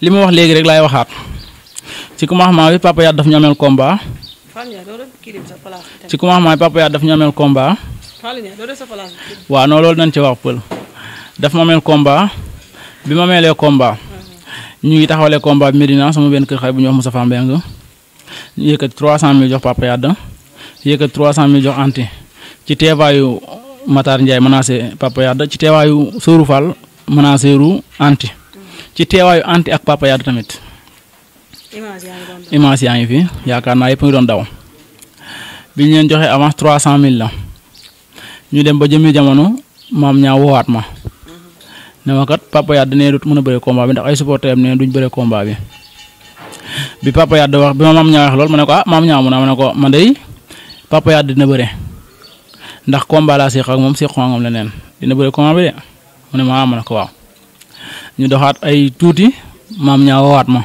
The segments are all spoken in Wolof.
li ma wax léegi rek laay waxaat ci commencement bi Papa Yade daf ñu ameel combat. ci commencement bi Papa Yade ñu ameel combat. waaw non loolu nañ ci wax pël daf ma ameel combat bi ma meelee combat. ñu ngi taxawalee combat bi Medina sama benn kër xay bu ñu wax Moustapha Mbengue ñu yëkkat 300000 jox Papa Yade yëkkat 300000 jox anti ci teewaayu Matar Ndiaye menacé Papa ci teewaayu Sourou Fall menacé anti. ci teewaayu anti ak papa Yade tamit. image yaa ngi fi yaakaar naa yëpp ngi doon daw. bi ñu leen joxee avant trois cent mille la ñu dem ba jëmi jamono maam ñaa woowaat ma ne ma kat papa nee dut mën a bëre combat bi ndax ay supporter am ne duñ bi bi papa wax bi ma maam ñaa wax lool ma ne ko ah maam ñaa mu ne ma ne ko ma de papa Yade dina bëre ndax combat laa seq ak moom seqoon ak moom leneen dina bëre combat bi de mu ne ma ah ma ne ko waaw ñu doxaat ay tuuti maam ñaa woowaat ma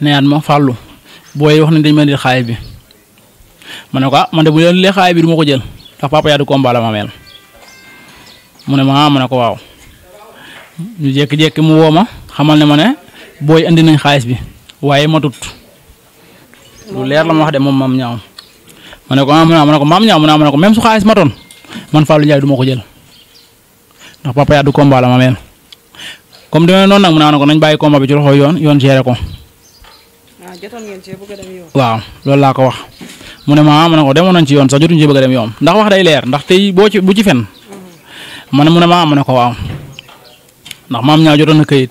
neyaat ma fàllu booy wax ne dañ ma di xaay bi ma ne ko ah man de bu leen lee xaay ko jël ndax papa yaa du ma mel mu ne ma ah ma ne ko waaw ñu mu woo ma xamal ne ma ne booy nañ xaalis bi waaye matut la de moom maam ñaaw ma ne ko ah, ma ne ko maam ma ne ko su xaalis matoon man Fallou Ndiaye du ko jël ndax papa yaa du ma mel. comme demee noonu nag mu naa ne ko nañ bàyyi combat bi ci loxo yoon yoon géré ko. Ah, waaw loolu laa ko wax mu ne ma ah, ma ne ko demoon nañ ci yoon sax jotuñu cee bëgg dem yoon ndax wax day leer ndax te boo ci bu ci fen mm-hmm. ma ne mu ne ma ah, ma ne ko waaw maam ñaa jotoon na këyit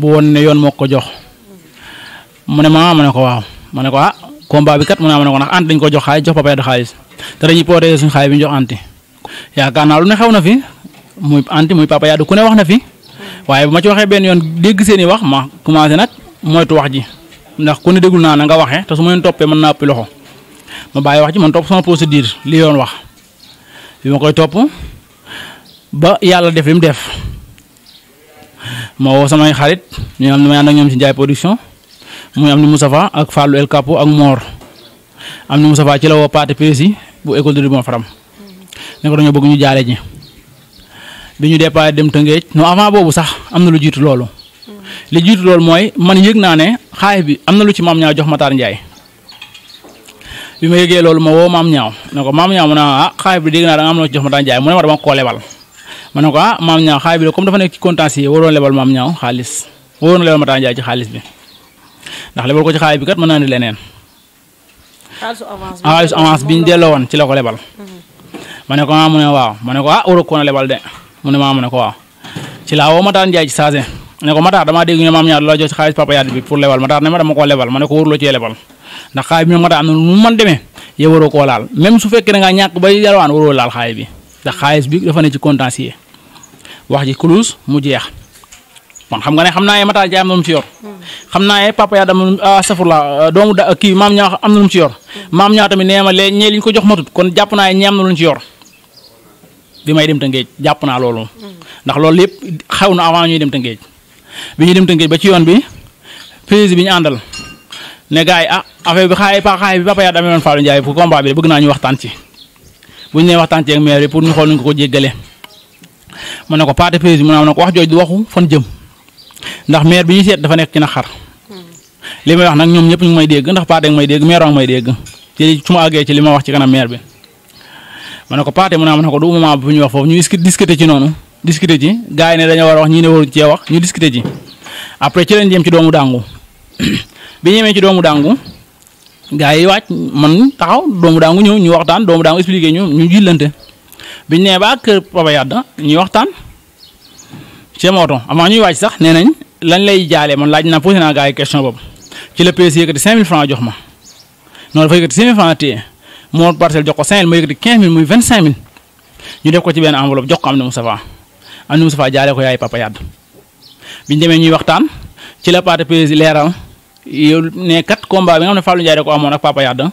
woon ne yoon moo jox mm-hmm. mu ne ma ah ma ne ko waaw ma ah combat bi kat mu ne ma ne ko ndax anti dañ ko jox xaalis jox papa de xaalis te dañuy protéger suñu xaalis bi ñu jox anti yaakaar naa lu ne xew na fi muy anti muy papa yaadu ku ne wax na fi waaye bu ma ci waxee benn yoon dégg seen i wax ma commencé nag moytu wax ji ndax ku ne déglu naa na nga waxee te su ma leen toppee mën naa ëpp loxo ma bàyyi wax ji man topp sama procédure li yoon wax bi ma koy topp ba yàlla def li mu def ma woo samay xarit ñu am na may ànd ak ñoom ci Ndiaye production muy am ni Moustapha ak Fallou El Capo ak moor am ni Moustapha ci la woo Pate Pési bu école de Ribon Faram ne dañoo bëgg ñu jaale ji bi ñu départ dem Tëngéej non avant boobu sax am na lu jiitu loolu. li jiitu loolu mooy man yëg naa ne xaalis bi am na lu ci maam ñaaw jox Matar njaay bi ma yëgee loolu ma woo maam ñaaw ne ko maam ñaaw mu ne ah, ah, bi dégg naa da nga am loo ci jox Matar Ndiaye mu ma dama koo ma ne ko ah maam ñaaw xaalis bi de comme dafa xaalis waroon lebal Matar Ndiaye xaalis bi ndax lebal ko ci bi kat mën naa ni leneen. xaalisu avance bi ah, xaalisu avance bi woon ci la ko lebal. Mm-hmm. ma ne ko ah mu ne waaw ma ne ko ah waroo ko woon a lebal de mu ne maa mu ne ko waaw ci laa woo Matar Ndiaye ci saase ne ko Matar damaa dégg ñu maam ñaar loo jox ci xaalis papa yaat bi pour lebal Matar ne ma dama koo lebal ma ne ko wóoruloo cee lebal ndax xaalis na lu man demee da ngaa ñàkk ba xaalis bi ndax xaalis bi dafa ne ci contentieux wax mu jeex kon xam nga ne xam am na lu mu ci yor xam naa ye papa yaat am ah, safurla ah, doomu da kii maam ñaa am na lu mu ci ñaa tamit nee ma lee ko jox matut kon jàpp naa ye lu mu ci yor bi may dem Tëngéej jàpp naa loolu ndax loolu lépp xew na avant ñuy dem Tëngéej bi ñuy dem Tëngéej ba ci yoon bi prise bi ñu àndal ne gars yi ah affaire bi xaay pa xaay bi ba paya damee woon Fallou bi naa ñu waxtaan bu ñu nee waxtaan ci ak maire bi pour ñu xool nu ñu ko jéggalee mu ne ko paate prise bi mu ne ko wax jooj du waxu fan jëm ndax maire bi ñu seet dafa nekk ci xar li may wax nag ñoom ñëpp ñu may dégg ndax paate may dégg maire may dégg ci su ma àggee ci li ma wax ci kanam bi ma ne ko paate mu ne ma ne ko bu ñu wax foofu ñu discuter ci noonu discuter ci gars yi ne a war a wax ñii ne waruñ cee wax ñu discuter ci après ci lañ jëm ci doomu dàngu bi ñemee ci doomu dangu gars yi wàcc man taxaw doomu dàngu ñëw ñu waxtaan doomu dàngu expliqué ñu ñu jillante biñ nee ba kër Papa Yadda ñuy waxtaan ci mooto amaa ñuy wàcc sax nee nañ lañ lay jaalee man laaj naa posé naa gars yi question boobu ci la PSI yëkkati 5000 francs jox ma noonu dafa yëkkati 5000 francs téye moo parcelle jox ko 5000 mu yëkkati 15000 muy 25000 ñu def ko ci benn enveloppe jox ko Amdi Moustapha Amdi Moustapha jaale ko yaay Papa Yade biñ demee ñuy waxtaan ci la parti PDS leeral yow ne kat combat bi nga xam ne Fallou Ndiaye ko amoon ak Papa Yade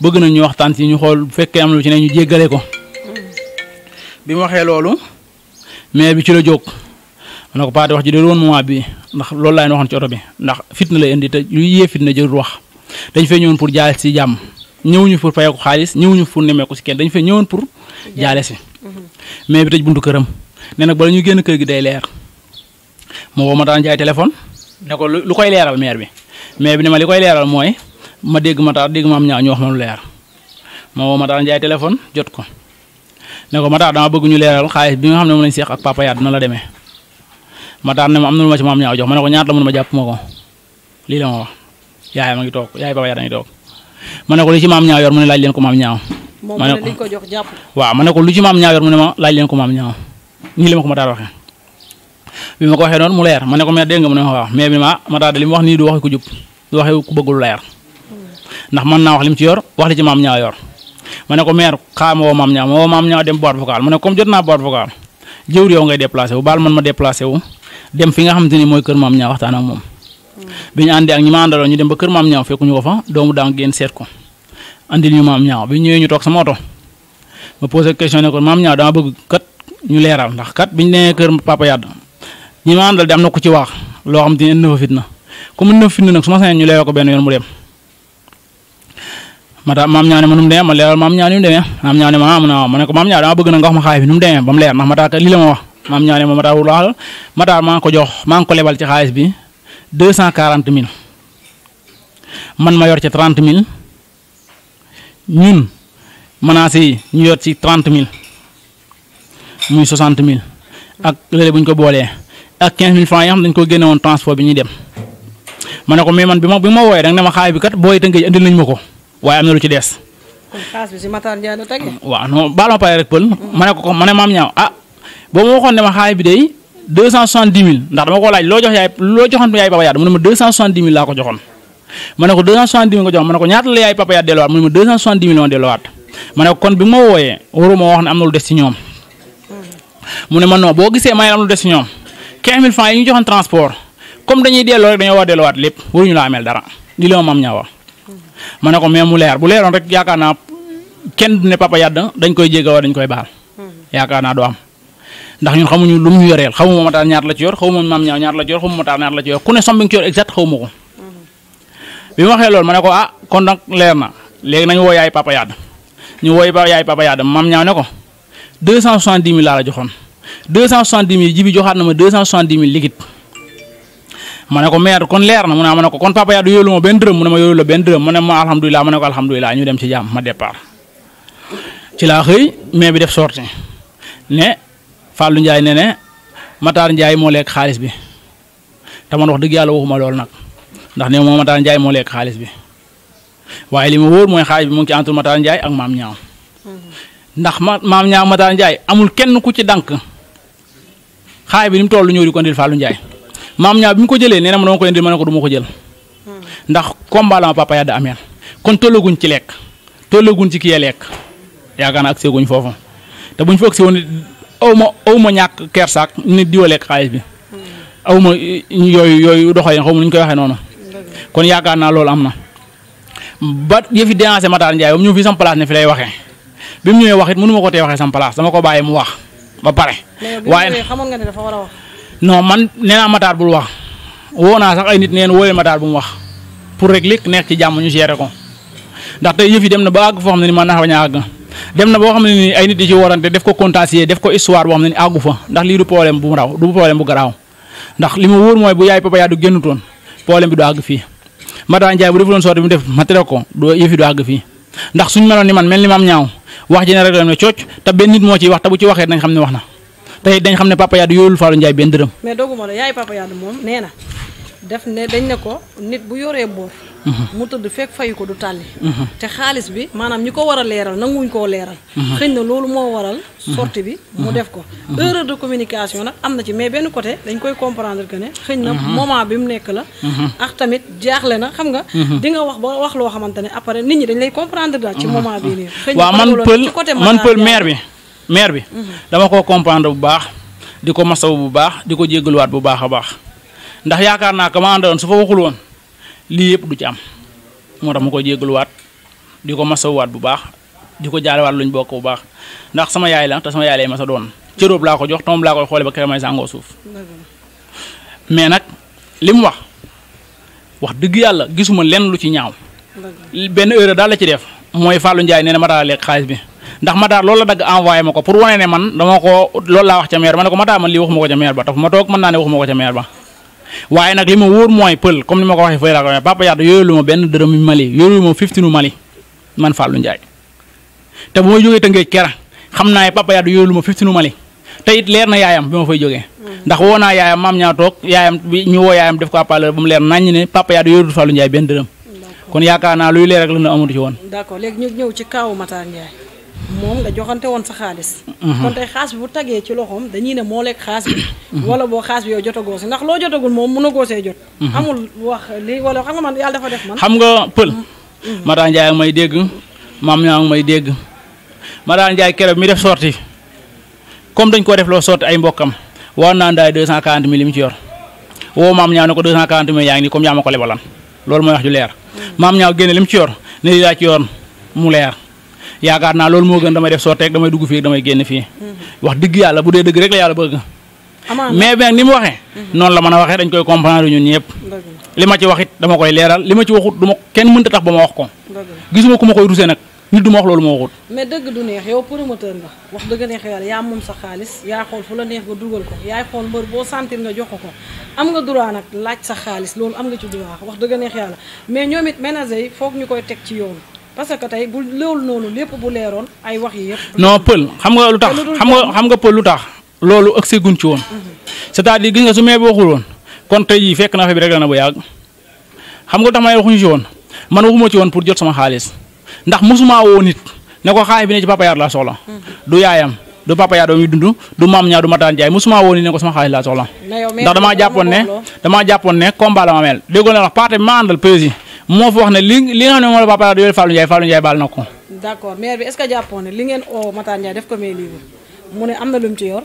bëgg nañ ñu waxtaan ci ñu xool bu fekkee am lu ci ñu jéggale ko. bi waxee loolu maire bi ci la jóg na ko parti wax ji de woon bi ndax loolu laa leen waxoon ci oto bi ndax fitna lay indi te lu yee fitna jël wax dañ fee ñëwoon pour jaale si jàmm. ñëwuñu pour fayoo ko xaalis ñëwuñu ne nemmeeku si kenn dañu fee ñëwoon pour jaale si mais bi tëj buntu këram ne nag bala ñu génn kër gi day leer moo woo ma daan jaay téléphone ne ko lu koy leeral maire bi mais bi ne ma li koy leeral mooy ma dégg ma taar dégg ma am ñaaw ñu wax ma lu leer ma ma daan jaay téléphone jot ko ne ko ma taar bëgg ñu leeral xaalis bi nga xam ne moom lañ seex ak papa yaat dina la demee ma taar ne ma am na lu ma ci ma am ñaaw jox ma ne ko ñaata la mun ma jàpp ma ko lii la ma wax yaay ma ngi toog yaay a ngi toog ma ko lu ci maam ñaaw yor mu ne laaj leen ko maam ñaaw. ma ko moom ko jox jàpp. lu ma laaj leen ko maam ñaaw nii ma ko ma daal waxee bi ma ko waxee noonu mu leer ma ne ko nga mu ne ma waaw mais bi ma ma daal de li mu wax nii du waxee ku jub du waxee ku leer ndax mën naa wax li mu ci yor wax li ci maam ñaaw yor ma ne ko maire xaa ma woo maam ñaaw ma woo maam ñaaw dem boîte vocale ma ne comme jot naa boîte vocale jëwri yow ngay déplacé wu baal man ma déplacé wu dem fi nga xam te ni mooy kër maam ñaaw waxtaan ak moom bi ñu àndee ak ñi ma àndaloon ñu dem ba kër maam ñaaw fekkuñu ko fa doomu daa génn seet ko andil ñu maam ñaaw bi ñëwee ñu toog sama oto ma posé na ku ci wax loo xam te ne indi fa fitna comme indi fa fitna nag su ma sañoon ñu leeral ko benn yoon mu dem. ma daal maam ñaaw ne ma nu mu demee ma leeral maam ñaaw ni mu demee maam ñaaw ne ma am ah, na ma ne ko maam ñaaw dama bëgg na nga wax ma bi nu demee ba leer ndax ma lii la ma wax maam ñaaw ne ma ma daal wulaal ma maa ngi maa ngi ko lebal ci xaalis bi deux cent quarante mille man ma yor ci trente mille ñun menaces yi ñu yor ci trente mille muy soixante mille ak léeg bu ñu ko boolee ak quinze mille francs yi dañ ko génne woon transport bi ñuy dem ma ne ko mais man bi ma bi ma wooyee da nga ne ma bi kat booy tënkee ji andil nañ ma ko waaye am na lu ci des. kon xaalis bi waaw baal ma pare rek pël. ma ne ko ma ne maam ñaaw ah boo ma waxoon ne ma xaalis bi day deux cent soixante dix mille ndax dama ko laaj loo jox yaay loo joxoon yaay Papa Yade mu ne ma deux cent soixante dix mille laa ko joxoon ma ne ko deux cent soixante dix mille nga joxoon mu ne ma deux cent soixante dix mille ma delluwaat ko kon bi ma wooyee waruma wax ne am na lu des ci ñoom mu ne ma non boo gisee may am lu des ci mille francs yi ñu joxoon transport comme dañuy delloo rek dañoo war delluwaat lépp waruñu la ameel dara di la mam ñaa ma ne ko mais mu leer bu leeroon rek yaakaar naa kenn du ne Papa Yade dañ koy jéggawa dañ koy baal yaakaar naa doo am ndax ñun xamuñu lu mu ñu yoreel xaw ma ma taal ñaar la ci yor xaw ma maam ñaaw ñaar la taal ñaar la ci yor ku ne somme ci yor exact xaw ko bi ma waxee lool ma ne ko ah kon nag leer na léegi nañu wooy yaay papa yaad ñu wooy ba yaay papa yaad maam ñaaw ne ko deux cent soixante dix laa la joxoon deux cent soixante dix ji bi joxaat na ma deux cent soixante dix mille ma ne ko meer kon leer na mu ne ma ne ko kon papa yaadu yóolu ma benn dërëm mu ne ma yóolu la benn dërëm mu ne ma alhamdulilah ma ne ko alhamdulilah ci laa mais bi def sorti ne Fallou Ndiaye ne ne Matar Ndiaye moo lekk xaalis bi te ma wax dëgg yàlla waxuma lool nag ndax ne moom Matar Ndiaye moo lekk xaalis bi waaye li ma wóor mooy xaalis bi mu ngi ci entre Matar ak maam ñaaw ndax ma maam ñaaw Matar amul kenn ku ci dànk xaalis bi ni mu toll ñëw di ko indil Fallou Ndiaye maam ñaaw bi ko jëlee na ma dama ko indil ma ko du ko jël ndax combat la ma papa yàdda ameel kon tollaguñ ci lekk tollaguñ ci kii lekk yaakaar naa ak seeguñ foofu te buñ foog si woon aw ma aw ma ñàkk kersaak nit diwaleeg xaalis bi aw ma yooyu yooyu doxalin xaw ma nu ñu koy waxee noonu kon yaakaar naa loolu am na ba yëfi déranger Matar Ndiaye ba mu ñëw fii sama place ne fi lay waxee bi mu ñëwee wax it mënu ma ko tee waxee sama place dama ko bàyyi mu wax ba pare. waaye xamoon nga ne dafa war a non man nee naa bul wax woo naa sax ay nit neen wooyee Matar bu mu wax pour rek léegi nekk ci jàmm ñu gérer ko ndax tey yëf dem na ba àgg foo xam ne ni man nax bañ a àgg dem na boo xam ne nii ay nit di ci warante def ko contentieux def ko histoire boo xam ne ni àggu fa ndax lii du problème bu raw du problème bu garaaw ndax li ma wóor mooy bu yaay papa yaa du génnutoon bi du àgg fii Mata Ndiaye bu defuloon sorte bi mu def ma tere ko doo yëfi du àgg fii ndax suñu mënoon ni man mel ni maam ñaaw wax ji ne rek la ne cooc te benn nit moo ciy wax te bu ci waxee dañ xam ne wax na te dañ xam ne papa yaa du yóolul Fallou Ndiaye benn dërëm. mais mu tëdd fekk fayu ko du tàlli te xaalis bi maanaam ñi ko war a leeral nanguñ koo leeral xëñ na loolu moo waral sortie bi mu def ko erreur de communication nag am na ci mais benn côté dañ koy comprendre que ne xëñ na moment bi mu nekk la ak tamit jaaxle na xam nga di nga wax ba wax loo xamante ne après nit ñi dañ lay comprendre daal ci moment bi nii xëñ na man pël man pël maire bi maire bi mhm. dama ko comprendre bu baax di ko masaw bu baax di ko jéggaluwaat bu baax a baax ndax yaakaar naa ka ma àndaloon su fa waxul lii yëpp du ci am moo tax ma koy jégaluwaat di ko waat bu baax di ko jaalewaat luñ bokk bu baax ndax sama yaay la te sama yaay lay masa doon cëróob laa ko jox tomb laa koy xoole ba kere may sàngoo suuf mais nag li mu wax wax dëgg yàlla gisuma lenn lu ci ñaaw benn heure daal la ci def mooy Fallou Ndiaye nee na Matar lekk xaalis bi ndax Matar loolu la dagg envoyé ma ko pour wane ne man dama ko loolu laa wax ca maire ma ne ko ba ma ne ko ca maire ba waaye nag li ma wóor mooy pël comme ni ma ko waxee fay laa ko waxee Papa Yade yooyu lu ma benn dërëmu Mali yooyu ma man Fallou Ndiaye te bu ma jógee Tëngéej kera xam naa ne Papa Yade yooyu lu ma Mali te it leer na yaayam bi ma fay jógee. ndax woo naa yaayam maam ñaa toog yaayam bi ñu woo yaayam def ko àppale ba mu leer naññ ne Papa Yade yooyu du Fallou Ndiaye benn dërëm kon yaakaar naa luy leer rek la na amatu ci woon. moom nga joxante woon sa xaalis. Mhm. kon xaas bi bu tagee ci loxoom dañuy ne moo lekk xaas bi. Mhm. wala boo xaas bi yow jotagoo si ndax loo jotagul moom mënagoo see jot. Mhm. amul wax lii wala xam nga dafa def man. xam nga pël. Mata Ndiaye ak may dégg maam ñaa ngi may dégg Mata Ndiaye keroog mi def sorti comme dañ ko def loo sorti ay mbokkam war naa ndaay deux cent quarante mille li mu ci yor woo maam ñaaw ne ko deux cent quarante mille yaa ngi nii comme yaa ma ko lebalan loolu mooy wax ju leer maam ñaaw génne ci yor ne lii laa mu leer. yaakaar naa loolu moo gën damay def soo sotteeg damay dugg fii damay génn fii mm-hmm. wax dëgg yàlla bu dee dëgg rek la yàlla bëgg mais benn ni mu waxee mm-hmm. noonu la mën a waxee dañ koy comprendre ñun ñëpp li ma ci wax it dama koy leeral li ma ci waxut du ma kenn mënta tax ba ma wax ko gisuma ku ma koy rusee nag nit du ma wax loolu ma waxut mais dëgg du neex yow promoteur nga wax dëgg neex yàlla yaa moom sa xaalis yaa xool fu la neex nga dugal ko yaay xool boo sentir nga jox ko ko am nga droit nag laaj sa xaalis loolu am nga ci droit wax dëgg neex yàlla mais ñoom it ménager yi foog koy teg ci yoon parce que tey bu loolu noonu lépp bu leeroon ay wax yi yëpp. non pël xam nga lu tax xam nga xam nga pël lu tax loolu ëgg si guñ ci woon. Mhm. c'est-à-dire gis nga su mee bi waxul woon kon tey jii fekk na fa bi rek la na bu yàgg xam nga tax ma ne waxuñu ci woon man waxuma ci woon pour jot sama xaalis ndax mosuma woo nit ne ko xaalis bi ne ci papa yaar laa soxla. Mhm. du yaayam du papa yaar doomi dund du maam ñaar du mataan jaay mosuma woo nit ne ko sama xaalis laa soxla. ndax damaa jàppoon ne damaa jàppoon ne combat la ma mel déggoo na wax parti bi ma àndal président moo fa wax ne li li nga xam ne moom la Papa Ladoum yore Fallou Ndiaye Fallou Ndiaye baal na ko. d'accord maire bi est jàppoon li ngeen oo Matar Ndiaye def ko lu mu ci yor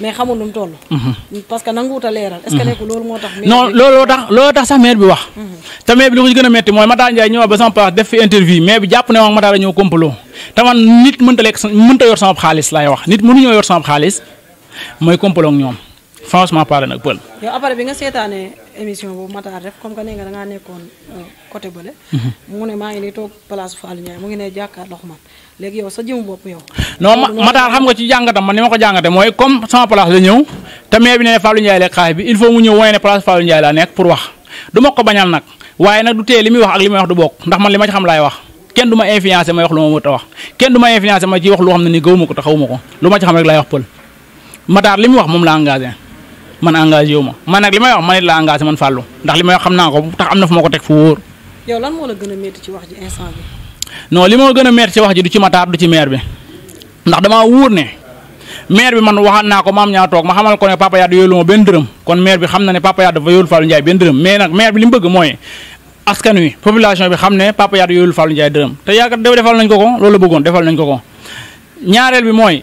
mhm. parce que nanguwut a leeral. est mhm. moo tax. non looloo tax looloo tax sax maire bi wax. Mhm. te maire bi li ko ci gën a métti mooy Matar Ndiaye ñëwaat ba sama papa def fi interview maire bi jàpp ne moom Matar a ñëw complot te man nit mënta lekk sa mënta yor sama xaalis laay wax nit mënuñoo yor sama xaalis mooy complot ñoom franchement parlé nag pël. yow après bi nga seetaanee émission boobu euh, mhm. mu ne maa ngi nii toog place mu ngi ne jàkkaarloog man léegi yow sa jëmu bopp yow. non Matar xam nga ci jàngatam man ni ma ko jàngate mooy comme sama place la ñëw te maire bi ne Fallou Ndiaye lekk xaalis bi il faut mu ñëw wane ne place Fallou Ndiaye laa nekk pour wax du ma ko bañal nag waaye nag du tee li muy wax ak li may wax du bokk ndax man li ma ci xam laay wax. kenn du ma influencé may wax lu ma mënut a wax kenn du man engagé wu ma man nag li may wax man it la engagé fàllu ndax li may wax xam naa ko tax am na fu ma ko teg fu wóor. yow lan moo a métti ci wax ji instant bi. li ma gën a métti ci wax ji du ci mataar du ci maire bi ndax damaa wóor ne maire bi man waxaat naa ko maam ñaa toog ma xamal ko ne papa Yade yóolu ma benn dërëm kon maire bi xam na ne papa Yade dafa yóolu Fallou Ndiaye benn dërëm mais nag maire bi li mu bëgg mooy askan wi population bi xam ne papa Yade yóolu Fallou Ndiaye dërëm te yaakaar defal nañ ko ko loolu bëggoon defal nañ ko ko ñaareel bi mooy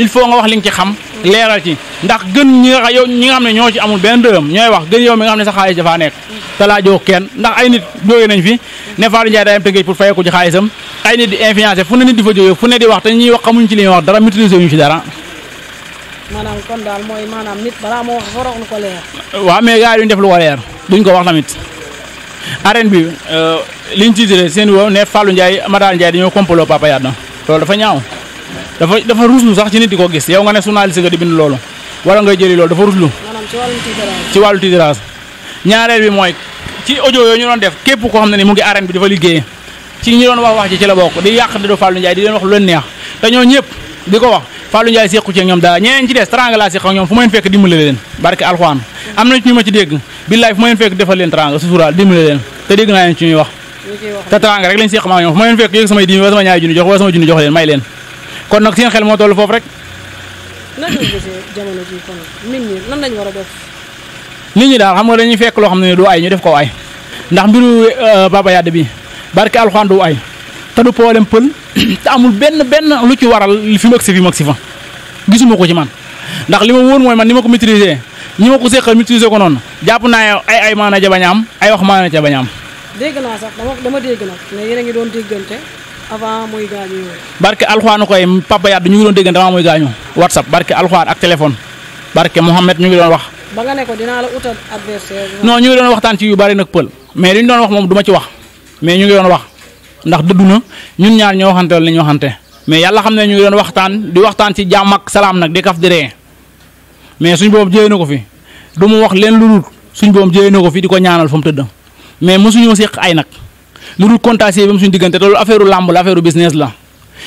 il faut nga wax li nga ci xam leeral ci ndax gën ñi nga ñi nga xam ne ñoo ci amul benn dërëm ñooy wax gën yow mi nga xam ne sa xaalis dafaa nekk te laa jox kenn ndax ay nit jógee nañ fi ne Fallou Ndiaye day am tëngéej ko ci xaalisam ay nit di influencé fu ne nit di fa ne di wax te ñuy wax xamuñ ci li ñuy wax dara dara maanaam kon daal mooy maanaam nit balaa moo wax forox lu ko leer. waaw def lu ko leer duñ ko wax tamit arène bi euh, liñ ci tiré seen woo ne Fallou Ndiaye Madane Ndiaye dañoo complot Papa Yade loolu dafa ñaaw. dafa dafa ruslu sax ci nit di ko gis yow nga ne journaliste nga di bind loolu wala ngay jëli loolu dafa ruslu ci wàllu titrage ñaareel bi mooy ci audio yooyu ñu doon def képp koo xam ne ni mu ngi arène bi dafa liggéey ci ñi doon wax wax ji ci la bokk di yàq di do Fallou di leen wax lu leen neex te ñoo ñëpp di ko wax Fallou Ndiaye sequ ci ñoom daa ñeneen ci des teranga laa seq ñoom fu ma leen fekk dimbale leen barke alxuraan am na ñu ma ci dégg kon nag seen xel moo toll foofu rek. nan nga gisee jamono ji kon nit ñi nan lañ war a def. nit ñi daal xam nga dañuy fekk loo xam ne du ay ñu def ko ay ndax mbiru Baba euh, Yade bi barke alxuraan du ay te du problème pël te amul benn benn lu ci waral fi mag si fi mag si fa gisuma ko ci man ndax li ma wóor mooy man ni ma ko maîtriser ñi ma ko seqal maîtriser ko noonu jàpp naa ay ay maana ja bañ am ay wax maana ja bañ a am. dégg naa sax dama dégg nag ne ngi doon déggante. avant muy gaañu. barke alxuraan koy papa yaat ñu ngi doon déggante avant muy gaañu whatsapp barke alxuraan ak téléphone barke Mouhamed ñu ngi doon wax. ba nga ñu ngi doon waxtaan ci yu bari nag pël mais li ñu doon wax moom du ma ci wax mais ñu ngi doon wax ndax dëddu na ñun ñaar ñoo waxante li ñu waxante mais yàlla xam ne ñu ngi doon waxtaan di waxtaan ci jàmm ak salaam nag di kaf di ree mais suñ boobu jëlee na ko fi du mu wax leen lu dul suñ boobu jëlee na ko fi di ko ñaanal fa mu tëdd mais mosuñu seq ay nag lu dul contacté ba mu suñu diggante te loolu affaire làmb la affaire business la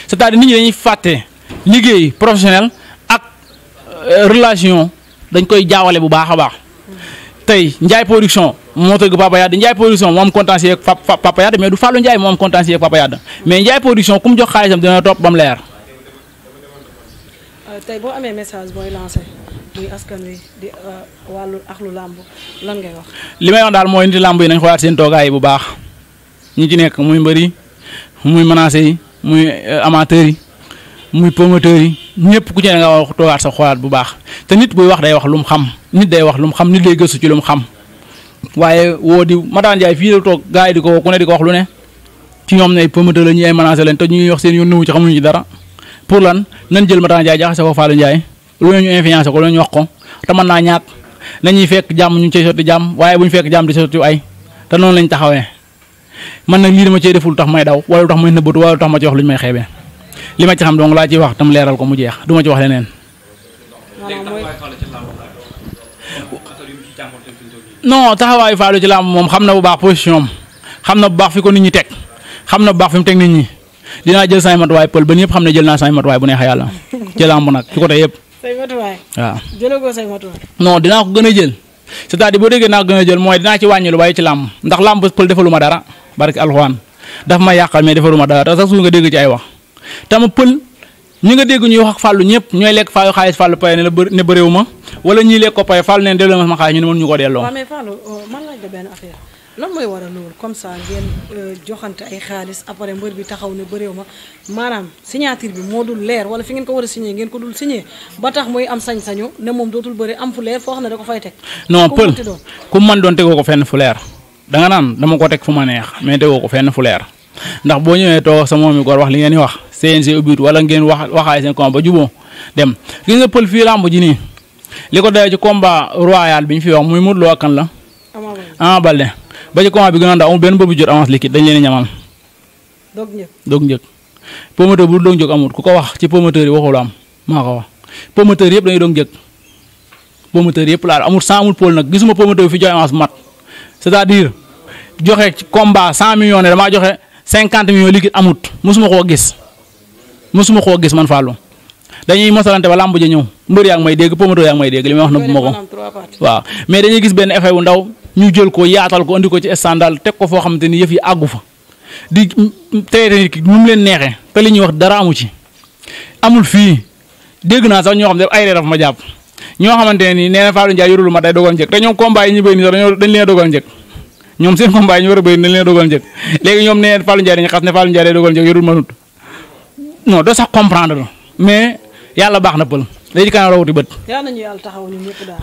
c'est-à-dire nit ñi dañuy fàtte liggéey professionnel ak euh, relation dañ koy jaawale bu baax a baax tey Ndiaye production moo tëgg Papa Yade Ndiaye production moo am contentieux ak Papa Papa Yade mais du Fallou Ndiaye moo am contentieux ak Papa Yade mais Ndiaye production ku mu jox xaalisam dina topp ba mu leer. Euh, boo amee message booy lancé askan wi di euh, wàllu axlu làmb lan ngay wax. li may wax daal mooy nit làmb yi nañ xoolaat seen toogaay bu baax. ñi ci nekk muy mbër yi muy menacé yi muy euh, amateurs yi muy promoteurs yi ñëpp ku ci ne nga wax toogaat sa xoolaat bu baax te nit buy wax day wax lu mu xam nit day wax lu mu xam nit day gëstu ci lu mu xam waaye woo di Matane Ndiaye fii la toog gaa yi di ko ku ne di ko wax lu ne ci ñoom ne promoteur la ñuy ay menacé lañ te ñuy wax seen yoon nëwu ci xamuñu ci dara pour lan nan jël Matane Ndiaye jaxase ko Fallou Ndiaye lu ñu influencé ko lu ñu wax ko te mën naa ñàkk nañuy fekk jàmm ñu ci sotti jàmm waaye bu fekk jàmm di sotti ay te noonu lañ taxawee man nag lii dama cee deful tax may daw wala lu tax may nëbbatu wala lu tax ma ci wax lu may xeebee li ma ci xam donc laa ciy wax tam leeral ko mu jeex du ma ci wax leneen. non taxawaayu Fallou ci làmb moom xam na bu baax position xam na bu baax fi ko nit ñi teg xam na bu baax fi mu teg nit ñi dinaa jël samay matuwaay pël ba ñëpp xam ne jël bu neexee yàlla ci làmb nag ci côté yëpp. say matuwaay. waaw jëloo ko say matuwaay. non dinaa ko gën a jël c'est-à-dire boo déggee naa ko gën a jël mooy dinaa ci wàññi lu bàyyi ci làmb ndax làmb barke alxuraan daf ma yàqal mais defaruma dara te sax suur nga dégg ci ay wax tama pël ñi nga dégg ñuy wax ak fàllu ñëpp ñooy lekk faayu xaalis fàllu paye ne la bë ne bëréew ma wala ñii lekk ko paye fàllu neen delloo ma sama xaalis ñu ne mën ñu ko delloo. Euh, man laaj la benn affaire lan mooy waral loolu comme ça ngeen euh, joxante ay xaalis après mbër bi taxaw ne bëréew ma maanaam signature bi moo dul leer wala fi ngeen ko war a signé ngeen ko dul signé ba tax muy am sañ-sañu ne moom dootul bëri am fu leer foo xam ne da ko teg. non pël ku man doon tegoo ko fenn fu leer da naan dama ko teg fu ma neex mais tegoo ko fenn fu leer ndax boo ñëwee toog sa moom mi góor wax li ngeen di wax CNG ubbiwut wala ngeen wax waxaay seen combat ba juboo dem gis nga pël fii làmb ji nii li ko dayoo bi ñu fi muy Modou Lo la. Ama ba ci bi gën a benn mbër bu jot dañ leen a ñamal. doog njëkk doog bu doog njëkk amut ku ko wax ci promoteur yi waxul am maa ko wax promoteur yëpp dañuy doog njëkk promoteur yëpp laal amul sans amul pôle nag gisuma promoteur bi fi joxe avance mat. c'est-à-dire joxe ci combat cent millions ne damaa joxe cinquante millions liquide amut mosuma koo gis mosuma koo gis man Fallou dañuy masalante ba làmb ja ñëw mbër yaa ngi may dégg promoteur yaa ngi may dégg li may wax na bu ma ko waaw mais dañuy gis benn effet bu ndaw ñu jël ko yaatal ko andi ko ci standard teg ko foo xamante ni yëf yi àggu fa di mm, traité nit ki mu leen neexee te li ñuy wax dara amu ci amul fii dégg naa sax ñoo xam ne ay reer dafa ma jàpp. ñoo xamante ne nii nee na Fallou Ndiaye ma day dogal njëkk te ñoom combat yi ñu béy nii sax dañ leen a dogal njëkk ñoom seen combat yi ñu war a béy dañ leen dogal njëkk léegi ñoom nee na Fallou Ndiaye xas ne Fallou Ndiaye day dogal njëkk yorul nut non doo sax comprendre mais yàlla baax na pël léegi kanam la wuti bët. yal nañu taxaw ñun ñëpp daal.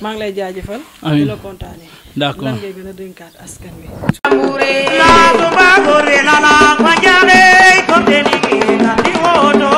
maa ngi lay jaajëfal. amiin di la kontaanee. d'accord lan ngay gën a